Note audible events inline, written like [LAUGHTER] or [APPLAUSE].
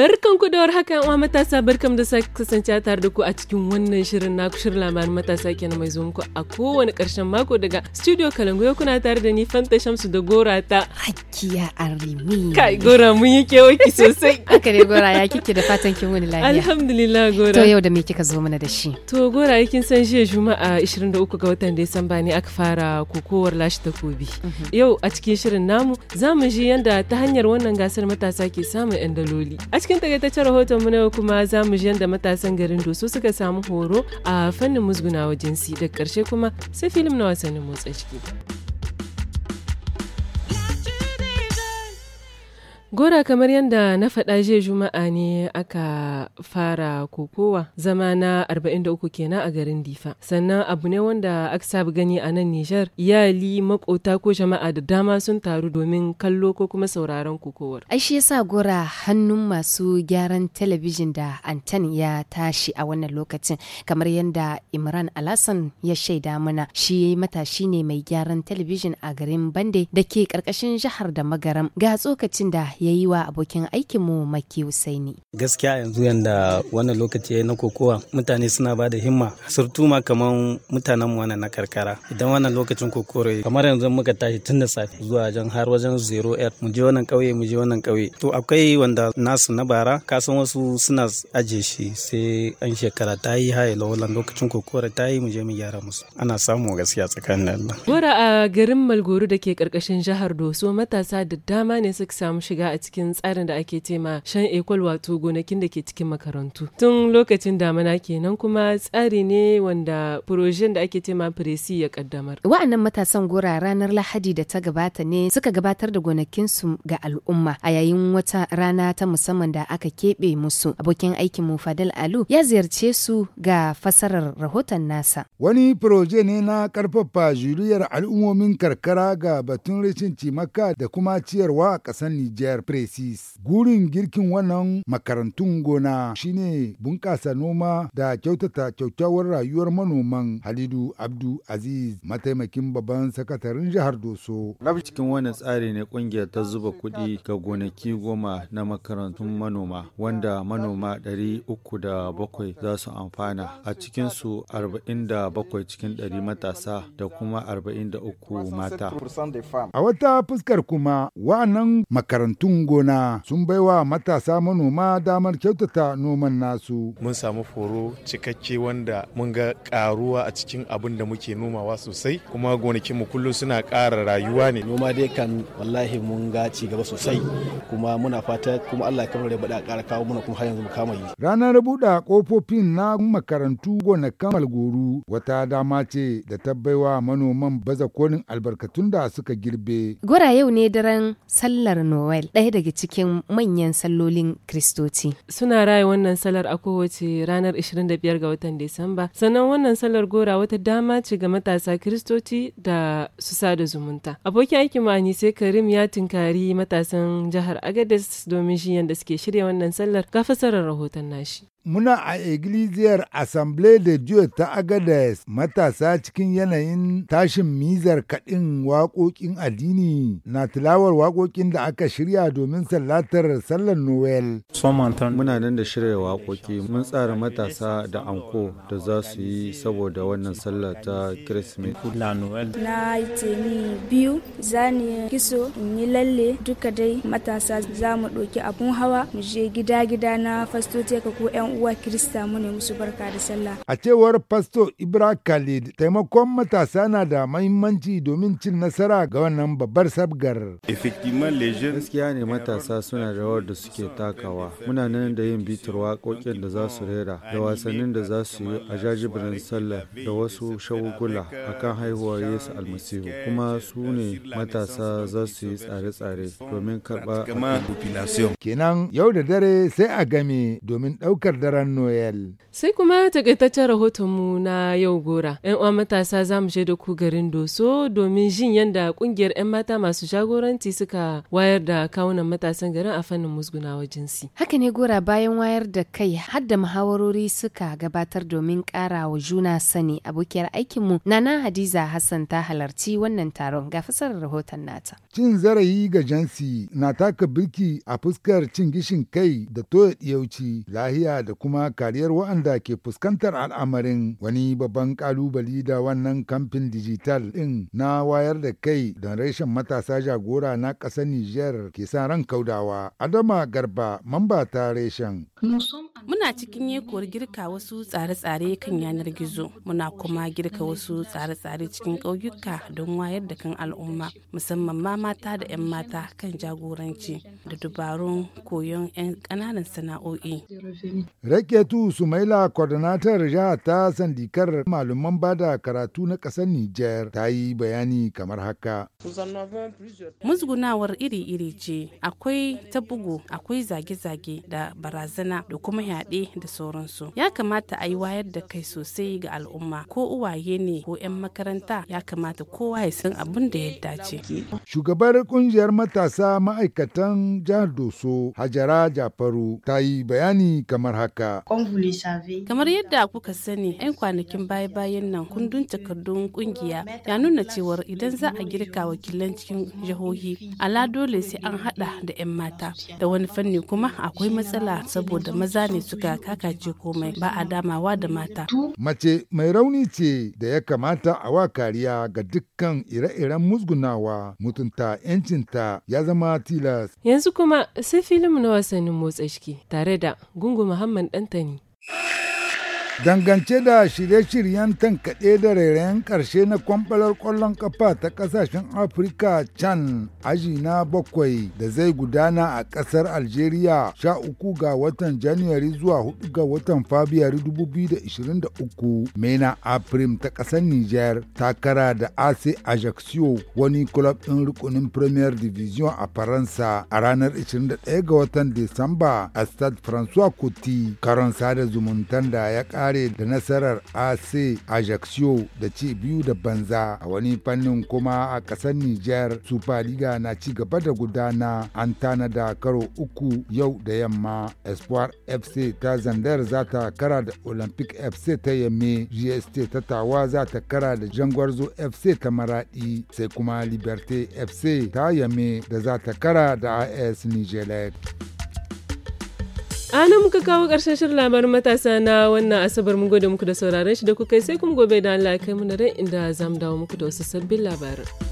Barkan ku da haka yan matasa barkam da sake kasance tare da ku a cikin wannan shirin naku shirin labarin matasa kenan mai zuwa muku a kowane karshen mako daga studio Kalangu ya kuna tare da ni Fanta Shamsu da Gora ta Hakiya Arimi. Kai Gora mun yi kewaki sosai. [LAUGHS] Aka ne Gora ya kike da fatan kin wani lafiya. Alhamdulillah Gora. To yau da me kika zo mana da shi? To Gora kin san jiya Juma'a 23 ga watan Disamba ne aka fara kokowar lashe takobi. Mhm. Yau a cikin shirin namu za mu ji yanda ta hanyar wannan gasar matasa ke samun 'yan daloli. cikin takaitaccen rahoton mu na yau kuma za mu da matasan garin doso suka samu horo a fannin wa jinsi da karshe kuma sai filim na wasannin motsa ciki. Gora kamar yadda na faɗa jiya Juma'a ne aka fara kokowa zama na 43 kenan a garin Difa. Sannan abu ne wanda aka sabu gani a nan Nijar, iyali makota ko jama'a da dama sun taru domin kallo ko kuma sauraron kokowar. Ai shi yasa gora hannun masu gyaran talabijin da Antan ya tashi a wannan lokacin kamar yadda Imran Alasan ya shaida mana shi matashi ne mai gyaran talabijin a garin Bande da ke karkashin jihar da magaram ga tsokacin da ya yi wa abokin aikinmu Maki Husaini. Gaskiya yanzu yanda wannan lokaci na kokowa mutane suna ba da himma surtu ma kamar mutanen wannan na karkara idan wannan lokacin kokore kamar yanzu muka tashi tun da safe zuwa jan har wajen zero air. mu je wannan kauye mu je wannan kauye to akwai wanda nasu na bara kasan wasu suna aje shi sai an shekara ta yi haye lawalan lokacin kokore ta yi mu je mu gyara musu ana samu gaskiya tsakanin Allah. Gora a garin Malgoro da ke karkashin jihar Doso matasa da dama ne suka samu shiga a cikin tsarin da ake tema shan ekol wato gonakin da ke cikin makarantu tun lokacin damana kenan kuma tsari ne wanda projen da ake cema presi ya kaddamar wa'annan matasan gora ranar lahadi da ta gabata ne suka gabatar da gonakinsu ga al'umma a yayin wata rana ta musamman da aka keɓe musu abokin aikin mu fadal alu ya ziyarce su ga fasarar rahoton nasa wani proje ne na karfafa juriyar al'ummomin karkara ga batun rashin cimaka da kuma ciyarwa a ƙasar Nijar. jihar Precis. Gurin girkin wannan makarantun gona shine bunƙasa noma da kyautata kyakkyawar rayuwar manoman Halidu Abdu Aziz mataimakin babban sakataren jihar Doso. Cikin wannan tsari ne kungiyar ta zuba kuɗi ga gonaki goma na makarantun manoma wanda manoma ɗari uku da bakwai za su amfana a cikin su arba'in da bakwai cikin ɗari matasa da kuma arba'in da uku mata. A wata fuskar kuma wa'annan makarantun aikin gona sun baiwa matasa manoma damar kyautata noman nasu. Mun samu foro cikakke wanda mun ga karuwa a cikin abin da muke nomawa sosai kuma gonakin mu kullum suna ƙara rayuwa ne. Noma dai kan wallahi mun ga ci gaba sosai kuma muna fata kuma Allah ya kamar da ƙara kawo muna kuma har yanzu mu kama yi. Ranar buɗe kofofin na makarantu gonakan Malgoru wata dama ce da ta baiwa manoman baza kolin albarkatun da suka girbe. Gora yau ne daren sallar Noel. ɗaya daga cikin manyan sallolin kristoci. Suna raya wannan salar a kowace ranar 25 ga watan Disamba. Sannan wannan salar gora wata dama ce ga matasa kristoci da su sada zumunta. Abokin aikin ma'ani sai Karim ya tinkari matasan jihar Agadez domin shi yadda suke shirya wannan sallar ga fasarar rahoton nashi. Muna a igiliziyar Assemblée de Dieu ta Agadez matasa cikin yanayin tashin mizar kaɗin waƙoƙin addini na tilawar waƙoƙin da aka shirya domin sallatar sallar Noel. Muna nan da shirya waƙoƙi mun tsara matasa da anko da za su yi saboda wannan sallar ta Kirsimeti. Na yi biyu zani kiso in yi lalle duka dai matasa za mu ɗauki abun hawa mu je gida-gida na fastoci ko 'yan uwa Kirista mu ne musu barka da sallah. A cewar Pasto Ibra Khalid, taimakon matasa na da mahimmanci domin cin nasara ga wannan babbar sabgar. Gaskiya ne matasa suna da rawar da suke takawa. Muna nan da yin bitar waƙoƙin da za su rera, da wasannin da za su yi a jajibirin sallah da wasu shagugula kan haihuwar Yesu Almasihu. Kuma su ne matasa za su yi tsare-tsare domin karɓa. Kenan yau da dare sai a game domin ɗaukar daren Noel. Sai kuma takaitaccen rahotonmu na yau gora. 'Yan uwa matasa za mu je da ku garin Doso domin jin yadda kungiyar 'yan mata masu jagoranci suka wayar da kawunan matasan garin a fannin musgunawa jinsi. Haka ne gora bayan wayar da kai har da muhawarori suka gabatar domin ƙara wa juna sani abokiyar aikinmu Nana Hadiza Hassan ta halarci wannan taron ga fasar rahoton nata. Cin zarayi ga jansi na taka birki a fuskar cin gishin kai da toya diyauci lahiya da da kuma kariyar wa'anda ke fuskantar al'amarin wani babban kalubali da wannan kamfin dijital ɗin na wayar da kai da reshen matasa jagora na ƙasar Nijar ke sa ran kaudawa. Adama Garba, mamba ta reshen. Muna cikin yekuwar girka wasu tsare-tsare kan yanar gizo, muna kuma girka wasu tsare-tsare cikin ƙauyuka don wayar da kan al'umma, musamman ma mata da 'yan mata kan jagoranci da dubarun koyon 'yan ƙananan sana'o'i. Raketu Sumaila Kwadanatar Jihar ta sandikar malaman bada karatu na ƙasar Nijar ta yi bayani kamar haka. Musgunawar iri-iri ce, akwai ta bugu, akwai zage-zage da barazana da kuma yaɗe da sauransu ya kamata a yi wayar da kai sosai ga al'umma ko uwaye ne ko 'yan makaranta ya kamata kowa ya san abin da ya dace shugabar kungiyar matasa ma'aikatan jihar doso hajara jafaru ta yi bayani kamar haka kamar yadda kuka sani 'yan kwanakin baya-bayan nan kundin takardun kungiya ya nuna cewar idan za a girka wakilan cikin jihohi ala dole sai an hada da 'yan mata da wani fanni kuma akwai matsala saboda maza ne ne suka kakace komai ba a damawa da mata. Mace mai rauni ce da ya kamata a wa kariya ga dukkan ire-iren musgunawa mutunta 'yancinta ya zama tilas. Yanzu kuma sai mu na wasannin motsa ciki tare da Gungu Muhammad Dantani. Dangance da shirye-shiryen tankaɗe da rairayen ƙarshe na kwambalar ƙwallon ƙafa ta ƙasashen Afirka can aji na bakwai da zai gudana a ƙasar Algeria sha uku ga watan January zuwa hudu ga watan Fabiyari 2023 Mena Aprim ta ƙasar Niger takara da AC Ajaccio wani club ɗin rukunin Premier Division a Faransa a ranar 21 ga watan Disamba a Stade François Coty karon sada zumuntan da ya ƙara kare da nasarar AC Ajaccio da ci biyu da banza a wani fannin kuma a ƙasar Nijar Superliga na ci gaba da gudana an tanada karo uku yau da yamma Espoir FC ta Zandar za ta kara da Olympic FC ta Yamme GST ta Tawa za ta kara da Jangwarzo FC ta Maradi sai kuma Liberté FC ta Yamme da za ta kara da AS nigeria. anan muka kawo karshen shirin labarin matasa na wannan asabar mun gode muku da sauraron shi da kuka sai kuma gobe da Allah kai mu da ran inda zamu dawo muku da wasu sabbin labarin